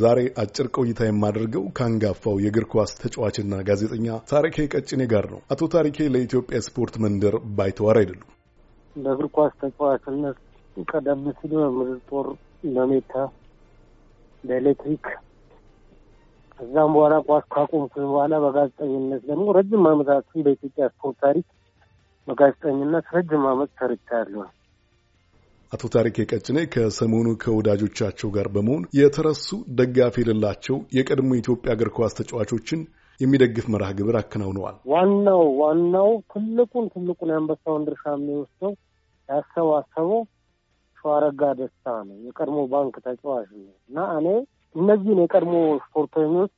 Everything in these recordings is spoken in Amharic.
ዛሬ አጭር ቆይታ የማደርገው ከአንጋፋው የእግር ኳስ ተጫዋችና ጋዜጠኛ ታሪኬ ቀጭኔ ጋር ነው። አቶ ታሪኬ ለኢትዮጵያ ስፖርት መንደር ባይተዋር አይደሉም። ለእግር ኳስ ተጫዋችነት ቀደም ሲል በምድር ጦር፣ በሜታ፣ በኤሌክትሪክ ከዛም በኋላ ኳስ ካቆምኩ በኋላ በጋዜጠኝነት ደግሞ ረጅም ዓመታትን በኢትዮጵያ ስፖርት ታሪክ በጋዜጠኝነት ረጅም ዓመት ሰርቻለሁ። አቶ ታሪክ ቀጭኔ ከሰሞኑ ከወዳጆቻቸው ጋር በመሆን የተረሱ ደጋፊ የሌላቸው የቀድሞ የኢትዮጵያ እግር ኳስ ተጫዋቾችን የሚደግፍ መርሃ ግብር አከናውነዋል። ዋናው ዋናው ትልቁን ትልቁን የአንበሳውን ድርሻ የሚወስደው ያሰባሰበው ሸዋረጋ ደስታ ነው። የቀድሞ ባንክ ተጫዋች ነው እና እኔ እነዚህን የቀድሞ ስፖርተኞች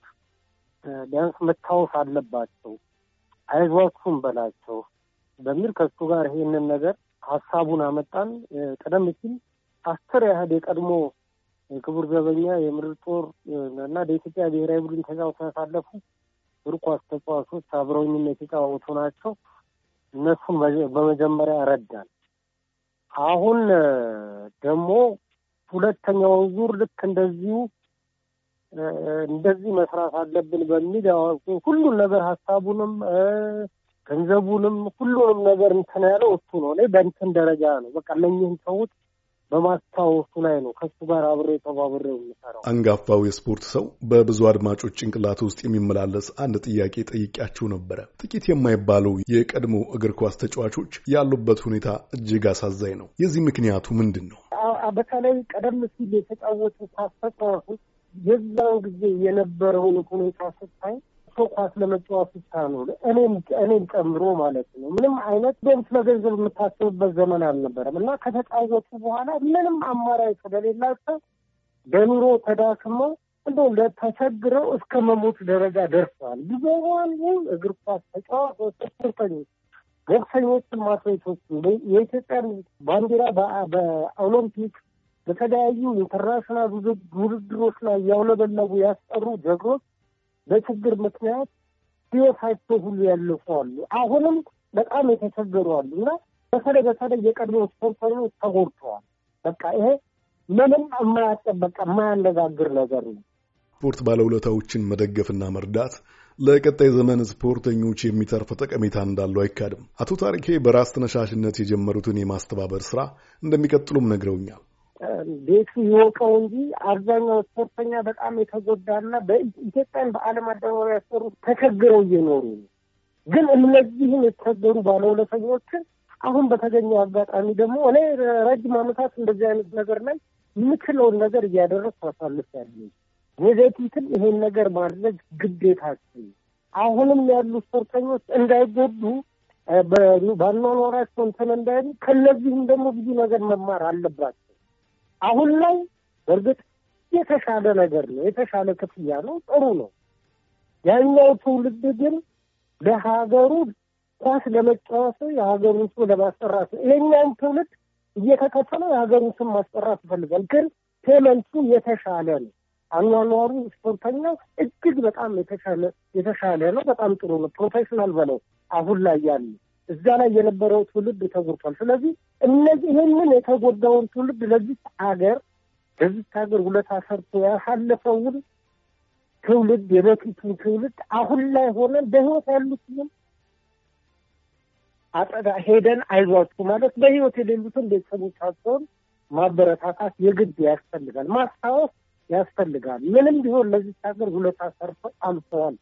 ቢያንስ መታወስ አለባቸው አይዟችሁም በላቸው በሚል ከሱ ጋር ይሄንን ነገር ሀሳቡን አመጣን። ቀደም ሲል አስር ያህል የቀድሞ ክቡር ዘበኛ የምድር ጦር እና በኢትዮጵያ ብሔራዊ ቡድን ተጫውተው ያሳለፉ እግር ኳስ ተጫዋቾች አብረውኝም የተጫወቱ ናቸው። እነሱን በመጀመሪያ ረዳን። አሁን ደግሞ ሁለተኛውን ዙር ልክ እንደዚሁ እንደዚህ መስራት አለብን በሚል ሁሉን ነገር ሀሳቡንም ገንዘቡንም ሁሉንም ነገር እንትን ያለው እሱ ነው። እኔ በእንትን ደረጃ ነው በቃ እነኝህን ሰዎች በማስታወሱ ላይ ነው ከሱ ጋር አብሬ ተባብሬው የሚሰራው። አንጋፋው የስፖርት ሰው በብዙ አድማጮች ጭንቅላት ውስጥ የሚመላለስ አንድ ጥያቄ ጠይቄያችሁ ነበረ። ጥቂት የማይባሉ የቀድሞ እግር ኳስ ተጫዋቾች ያሉበት ሁኔታ እጅግ አሳዛኝ ነው። የዚህ ምክንያቱ ምንድን ነው? በተለይ ቀደም ሲል የተጫወቱ ታሰጫዋቾች የዛን ጊዜ የነበረውን ሁኔታ ስታይ ወጥቶ ኳስ ለመጫወት ብቻ ነው። እኔም እኔም ጨምሮ ማለት ነው። ምንም አይነት ደም ለገንዘብ የምታስብበት ዘመን አልነበረም እና ከተጫወቱ በኋላ ምንም አማራጭ ስለሌላቸው በኑሮ ተዳክመው እንደ ለተቸግረው እስከ መሞት ደረጃ ደርሰዋል። ብዙ እግር ኳስ ተጫዋቾች፣ ስፖርተኞች፣ ቦክሰኞችን፣ አትሌቶች የኢትዮጵያን ባንዲራ በኦሎምፒክ በተለያዩ ኢንተርናሽናል ውድድሮች ላይ ያውለበለቡ ያስጠሩ ጀግኖች በችግር ምክንያት ህይወታቸው ሁሉ ያለፉ አሉ። አሁንም በጣም የተቸገሩ አሉ እና በተለይ በተለይ የቀድሞ ስፖንሰሮች ተጎድተዋል። በቃ ይሄ ምንም የማያጠበቀ የማያነጋግር ነገር ነው። ስፖርት ባለውለታዎችን መደገፍና መርዳት ለቀጣይ ዘመን ስፖርተኞች የሚተርፍ ጠቀሜታ እንዳለው አይካድም። አቶ ታሪኬ በራስ ተነሳሽነት የጀመሩትን የማስተባበር ስራ እንደሚቀጥሉም ነግረውኛል። ቤቱ ይወቀው እንጂ አብዛኛው ስፖርተኛ በጣም የተጎዳና በኢትዮጵያን በዓለም አደባባይ ያሰሩ ተቸግረው እየኖሩ ግን እነዚህን የተቸገሩ ባለውለተኞችን አሁን በተገኘው አጋጣሚ ደግሞ እኔ ረጅም ዓመታት እንደዚህ አይነት ነገር ላይ የምችለውን ነገር እያደረስ ማሳልፍ ያለ የዘፊትም ይሄን ነገር ማድረግ ግዴታችን አሁንም ያሉ ስፖርተኞች እንዳይጎዱ ባኗኗራቸው እንትን እንዳይሉ ከእነዚህም ደግሞ ብዙ ነገር መማር አለባቸው። አሁን ላይ በእርግጥ የተሻለ ነገር ነው፣ የተሻለ ክፍያ ነው፣ ጥሩ ነው። ያኛው ትውልድ ግን ለሀገሩ ኳስ ለመጫወት የሀገሩን ስም ለማስጠራት ነው። የኛን ትውልድ እየተከተለ የሀገሩን ስም ማስጠራት ይፈልጋል። ግን ፔመንቱ የተሻለ ነው። አኗኗሩ ስፖርተኛው እጅግ በጣም የተሻለ ነው። በጣም ጥሩ ነው። ፕሮፌሽናል በለው አሁን ላይ ያለው እዛ ላይ የነበረው ትውልድ ተጎድቷል። ስለዚህ እነዚህ ይህንን የተጎዳውን ትውልድ ለዚህ ሀገር ለዚህ ሀገር ሁለት አሰርቶ ያሳለፈውን ትውልድ የበፊቱን ትውልድ አሁን ላይ ሆነን በህይወት ያሉትንም አጠዳ ሄደን አይዟችሁ ማለት በህይወት የሌሉትን ቤተሰቦቻቸውን ማበረታታት የግድ ያስፈልጋል። ማስታወስ ያስፈልጋል። ምንም ቢሆን ለዚህ ሀገር ውለታ ሰርቶ አልፈዋል።